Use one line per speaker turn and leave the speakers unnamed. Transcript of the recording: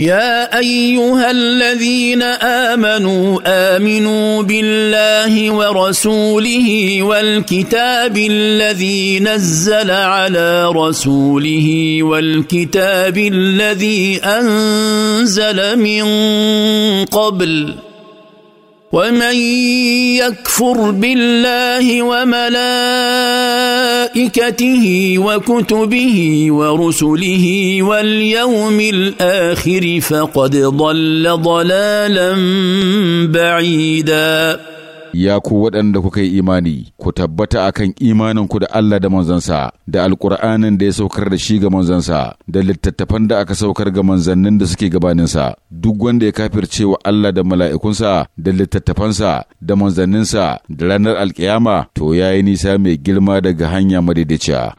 يا ايها الذين امنوا امنوا بالله ورسوله والكتاب الذي نزل على رسوله والكتاب الذي انزل من قبل ومن يكفر بالله وملائكته وملائكته وكتبه ورسله واليوم الاخر فقد ضل ضلالا بعيدا
ya ku waɗanda kuka yi imani, ku tabbata a kan imaninku da Allah da manzansa, da alƙur'anin da ya saukar da shi ga manzansa, da littattafan da aka saukar ga manzannin da suke gabaninsa, duk wanda ya kafirce wa Allah da mala'ikunsa, da littattafansa, da
manzanninsa, da ranar alƙiyama, to ya yi nisa mai girma daga hanya madaidaiciya.